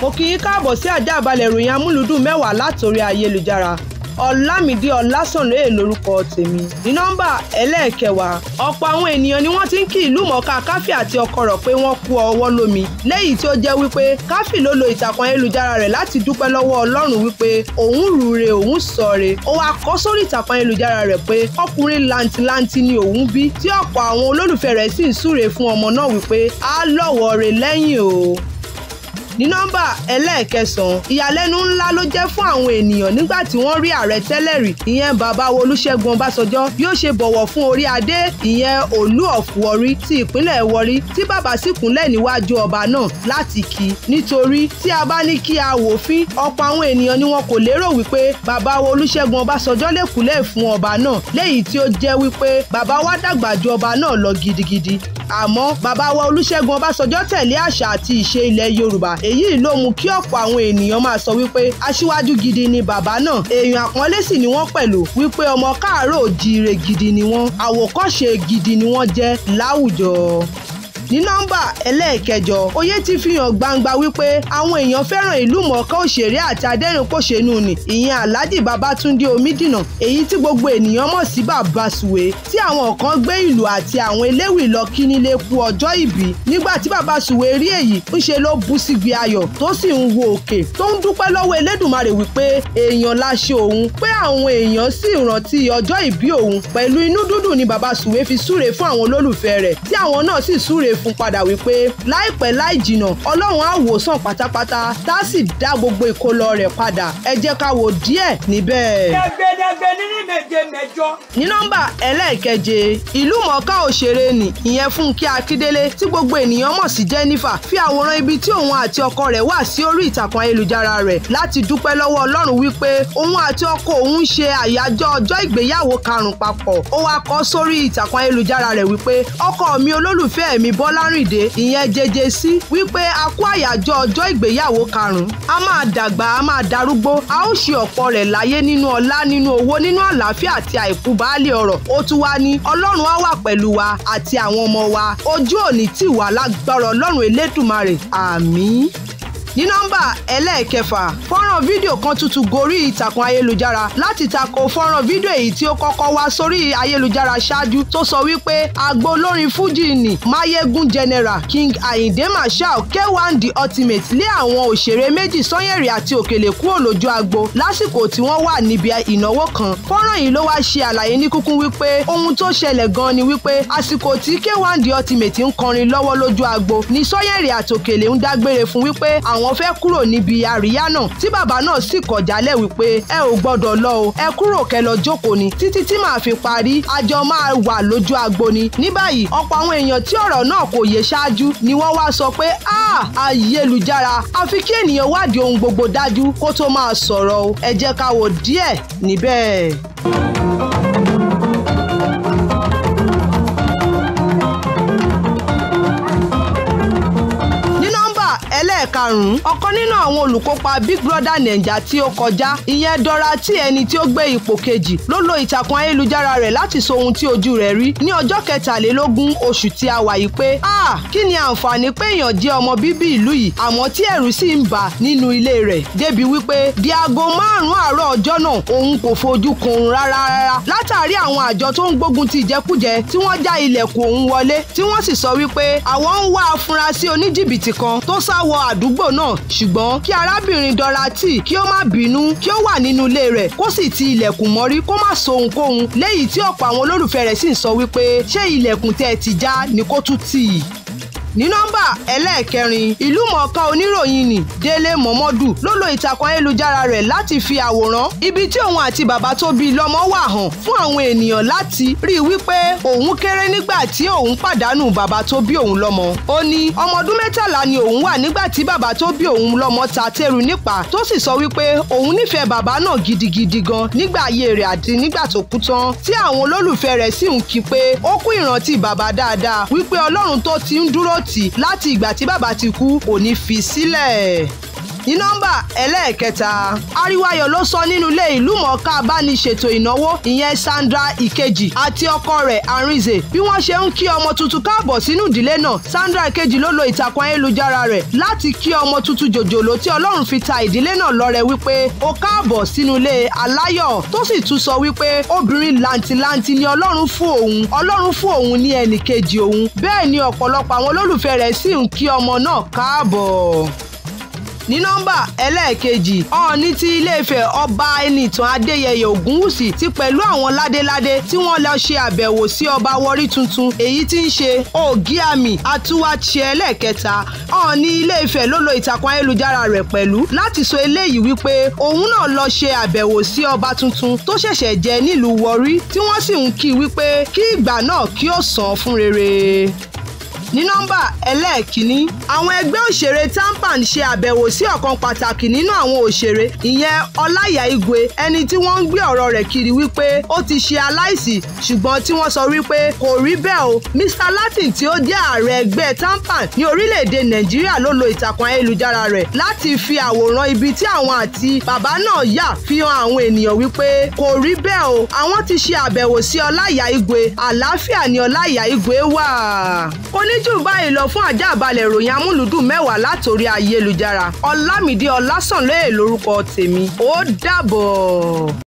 mo kì í káàbọ̀ sí àjàbalẹ̀ ìròyìn amúlùdùn mẹ́wàá látòrí ayélujára ọ̀làmídìí ọ̀làsànlóye lórúkọ tèmi ní nọ́mbà ẹlẹ́ẹ̀kẹwàá ọ̀pọ̀ àwọn ènìyàn ni wọ́n ti ń kí ìlú mọ̀ọ́ká káfí àti ọkọ rẹ̀ pé wọ́n kú ọwọ́ lómi léyìí tí ó jẹ́ wípé káfí ló lo ìtàkùn ayélujára rẹ̀ láti dúpẹ́ lọ́wọ́ ọlọ́run wípé òun rúre òun sọ̀re ó wá kọ sórí ìtàkùn ayélujára rẹ̀ pé ọkùnrin làǹtìlanti ni òun bí tí ọ̀pọ̀ àwọn olólùfẹ́ rẹ̀ sì ń súre fún ọmọ náà wípé á lọ́wọ́ rẹ̀ lẹ́yìn o ní nọ́mbà ẹlẹ́ẹ̀kẹsàn-án ìyàlẹ́nu ńlá ló jẹ́ fún àwọn ènìyàn nígbà tí wọ́n rí ààrẹ tẹ́lẹ̀rí ìyẹn bàbá olúṣẹ́gun ọbásanjọ́ yóò ṣe bọ̀wọ̀ fún orí adé ìyẹn òlú ọ̀fùwọ́rí ti ìpínlẹ̀ wọrí tí bàbá sì kúnlẹ̀ níwájú ọba náà láti kí nítorí tí a bá ní kí a wò fín ọ̀pọ̀ àwọn ènìyàn ni wọn kò lérò wípé bàbá olúṣẹ́gun ọbásanjọ́ lè kúnlẹ̀ fún ọba náà léyìí tí ó jẹ́ wípé bàbá dàgbà ju ọba náà lọ gidigidi àmọ́ bàbá wa Olúṣẹ́gun Ọbásanjọ́ tẹ̀lé àṣà àti ìṣe ilẹ̀ Yorùbá èyí ló mú kí ọ̀pọ̀ àwọn ènìyàn máa sọ wípé aṣíwájú gidi ni bàbá náà èèyàn àpọ́nlé sì ni wọ́n pẹ̀lú wípé ọmọ káàárọ̀ òjíire gidi ni wọ́n àwòkọ́ṣe gidi ni wọ́n jẹ́ láwùjọ ní nọ́mbà ẹlẹ́ẹ̀kẹjọ oyè ti fi hàn gbangba wípé àwọn èèyàn fẹ́ràn ìlú mọ̀ọ́ká òṣèré àti adẹ́rìnpòṣénú ni ìyẹn alhaji babatunde omidina èyí tí gbogbo ènìyàn mọ̀ sí bàbá suwe tí àwọn kan gbé ìlú àti àwọn eléwì lọ kí nílé kú ọjọ́ ìbí nígbà tí bàbá suwe rí èyí ńṣe ló bú sígbe ayọ̀ tó sì ń wo òkè tó ń dúpẹ́ lọ́wọ́ elédùnmarè wípé èèyàn la ṣe òun pé àwọn èèyàn sì rántí ọjọ́ ìbí òun pẹ̀lú inú dúdùn ni bàbá suwe fi súre fún àwọn olólùfẹ́ rẹ̀ tí àwọn náà sì súre fún padà wípé láìpẹ́ láì jìnà ọlọ́run á wò sàn pátápátá tá a sì dá gbogbo ìkólọ rẹ̀ padà ẹ jẹ́ ká wo díẹ̀ níbẹ̀. dẹgbẹdẹgbẹ nínú méje mẹ́jọ. ní nọ́mbà ẹlẹ́ẹ̀keje ìlú mọ̀ọ́ká òṣèré nì ìyẹn Fúnkẹ́ Akíndélé tí gbogbo ènìyàn mọ̀ sí Jennifer fi àwòrán ibi tí òun àti ọkọ rẹ̀ wà sí orí ìtàkùn ayélujára rẹ̀ láti dúpẹ́ lọ́wọ́ ọlọ́run wípé òun àti ọkọ òun ṣe àyájọ́ ọjọ́ ìgbéyàwó karùn-ún papọ̀ ó wá kọ sórí ìtàkùn ayélujára rẹ̀ wípé ọkọ mi olólùfẹ́ mi bọ́ Fọlárìndé ìyẹn JJC wípé a kú àyájọ́ ọjọ́ ìgbéyàwó karùn-ún a máa dàgbà a máa darúgbó a ó ṣe ọ̀pọ̀ rẹ̀ láyé nínú ọlá nínú owó nínú àlàáfíà àti àìkú baálé ọ̀rọ̀ ó tún wá ní Ọlọ́run á wà pẹ̀lú wa àti àwọn ọmọ wa ojú òní tì wá lágbára Ọlọ́run Elédùmarè àmín ní nọ́mbà ẹlẹ́ẹ̀kẹfà fọ́nrán fídíò kan tutù gorí ìtàkùn ayélujára láti tako fọ́nrán fídíò èyí tí ó kọ́kọ́ wá sórí ayélujára ṣáájú tó sọ wípé àgbo olórin fújì ni mayegun general king ayinde marshal k1 the ultimate lé àwọn òṣèré méjì sanyẹ̀rì àti òkèlè kúrò lójú agbo lásìkò tí wọ́n wà níbi ìnáwó kan fọ́nrán yìí ló wá ṣe àlàyé ní kúkún wípé ohun tó ṣẹlẹ̀ gan ni wípé àsìkò tí k1 the ultimate ń kọrin lọ́wọ́ lójú agbo ni sanyẹ̀rì àti òkèlè ń dágbére fún wípé àwọn àwọn fẹ́ kúrò níbi àríyá náà tí bàbá náà sì kọ̀ jálẹ̀ wípé ẹ ò gbọ́dọ̀ lọ o ẹ kúrò kẹ́ lọ jókòó ni títí tí màá fi parí àjọ máa wà lójú agbo ni ní báyìí ọ̀pọ̀ àwọn èèyàn tí ọ̀rọ̀ náà kò yé ṣáájú ni wọ́n wá sọ pé ah ayélujára àfi kí ènìyàn wádìí ohun gbogbo dájú kó tó máa sọ̀rọ̀ o ẹ jẹ́ ká wò díẹ̀ níbẹ̀. karùn-ún ọ̀kan nínú àwọn olùkópa Big Brother Naija tí ó kọjá ìyẹn Dorothy ẹni tí ó gbé ipò kejì ló lo ìtàkùn ayélujára rẹ̀ láti sọ ohun tí ojú rẹ̀ rí ní ọjọ́ kẹtàlélógún oṣù tí a wà yìí pé a ah, kí ni àǹfààní pé èèyàn jẹ́ ọmọ bíbí ìlú yìí àmọ́ tí ẹ̀rù sì ń bà nínú ilé rẹ̀ débi wípé di aago márùn-ún àárọ̀ ọjọ́ náà òun kò fojú kun rárá rárá látàrí àwọn àjọ tó ń gbógun ti ìjẹkújẹ tí wọ́n já ilẹ̀kùn òun wọlé tí wọ́n sì sọ wípé àwọn ń wá afurasí oníjìbìtì kan tó sá wọ àdúgbò náà ṣùgbọ́n kí arábìnrin Dorothy kí ó má bínú kí ó wà nínú ilé rẹ̀ kó sì ti ilẹ̀kùn mọ́rí kó má so ohunkóhun léyìí tí ọ̀pọ̀ àwọn olólùfẹ́ rẹ̀ sì ń sọ wípé ṣé ilẹ̀kùn tẹ́ ẹ ti já ni kó tún tì í ní nọ́mbà ẹlẹ́ẹ̀kẹrin ìlúmọ̀ọ́ká oníròyìn nì Délé Mọ̀mọ́dù ló lo ìtàkùn ayélujára rẹ̀ láti fi àwòrán ibi tí òun àti bàbá tó bí lọ́mọ wà hàn fún àwọn ènìyàn láti rí i wípé òun kéré nígbà tí òun pàdánù bàbá tó bí òun lọ́mọ ó ní ọmọ ọdún mẹ́tàlá ni òun wà nígbà tí bàbá tó bí òun lọ́mọ ta tẹ́rù nípa tó sì sọ wípé òun nífẹ̀ẹ́ bàbá náà gidigidi gan nígbà ayé rẹ̀ àti nígbà tó kú tán tí àwọn olólùfẹ́ rẹ̀ sì ń kí pé ó kú ìrántí bàbá dáadáa wípé Ọlọ́run tó ti ń dúró láti láti ìgbà tí bàbá ti kú kò ní fi sílẹ̀ ní nọ́mbà ẹlẹ́ẹ̀kẹta Ariwayo ló sọ nínú ilé ìlú mọ̀ọ́ká abániṣètò ìnáwó ìyẹn Sandra Ìkejì àti ọkọ rẹ̀ Arinze bí wọ́n ṣe ń kí ọmọ tuntun káàbọ̀ sínú ìdílé náà Sandra Ìkejì ló lo ìtàkùn ayélujára rẹ̀ láti kí ọmọ tuntun jòjòló tí Ọlọ́run fi ta ìdílé náà lọ́rẹ wípé ó káàbọ̀ sínú ilé aláyọ̀ tó sì tún sọ wípé obìnrin làǹtìlanti ni Ọlọ́run fún òun Ọlọ́run fún òun ní ẹnì kejì òun bẹ́ẹ̀ ni ọ̀pọ̀lọpọ̀ àwọn olólùfẹ́ rẹ̀ sì ń kí ọmọ náà káàbọ̀ ní nọ́mbà ẹlẹ́ẹ̀kejì ọ̀ọ́ni ti Ilé-Ifẹ̀ ọba Ẹnìtàn Adéyẹyẹ Ògúnwùsì ti pẹ̀lú àwọn ládéládé tí wọ́n lọ ṣe àbẹ̀wò sí ọba Warri tuntun èyí tí ń ṣe Ògíàmì Àtúwàṣe ẹlẹ́ẹ̀kẹta ọ̀ọ́ni Ilé-Ifẹ̀ ló lo ìtàkùn ayélujára rẹ̀ pẹ̀lú láti sọ eléyìí wípé òun náà lọ ṣe àbẹ̀wò sí ọba tuntun tó ṣẹ̀ṣẹ̀ jẹ nílùú Warri tí wọ́n sì ń kí wípé kí ìgbà náà kí ó sàn fún rere ní nọ́mbà ẹlẹ́ẹ̀kínní àwọn ẹgbẹ́ òṣèré tampan ṣe àbẹ̀wò sí ọ̀kan pàtàkì nínú àwọn òṣèré ìyẹn ọláyà igwe ẹni tí wọ́n ń gbé ọ̀rọ̀ rẹ̀ kiri wípé ó ti ṣe aláìsí ṣùgbọ́n tí wọ́n sọ wípé kò rí bẹ́ẹ̀ o Mr Latin tí ó jẹ́ ààrẹ ẹgbẹ́ tampan ní orílẹ̀-èdè nàìjíríà ló lo ìtàkùn ayélujára rẹ̀ láti fi àwòrán ibi tí àwọn àti bàbá náà yà fi hàn àwọn ènìyàn wípé kò rí bẹ́ẹ̀ o àwọn ti ṣe àbẹ̀wò sí ọláyà igwe àlàáfíà ni ọláyà igwe wà. kò ní jù báyìí lọ fún ajá àbálẹ̀ ìròyìn amúlùdùn mẹ́wàá látòrí ayélujára ọlámídé ọlásànlóye lórúkọ tèmi ó dàbọ̀.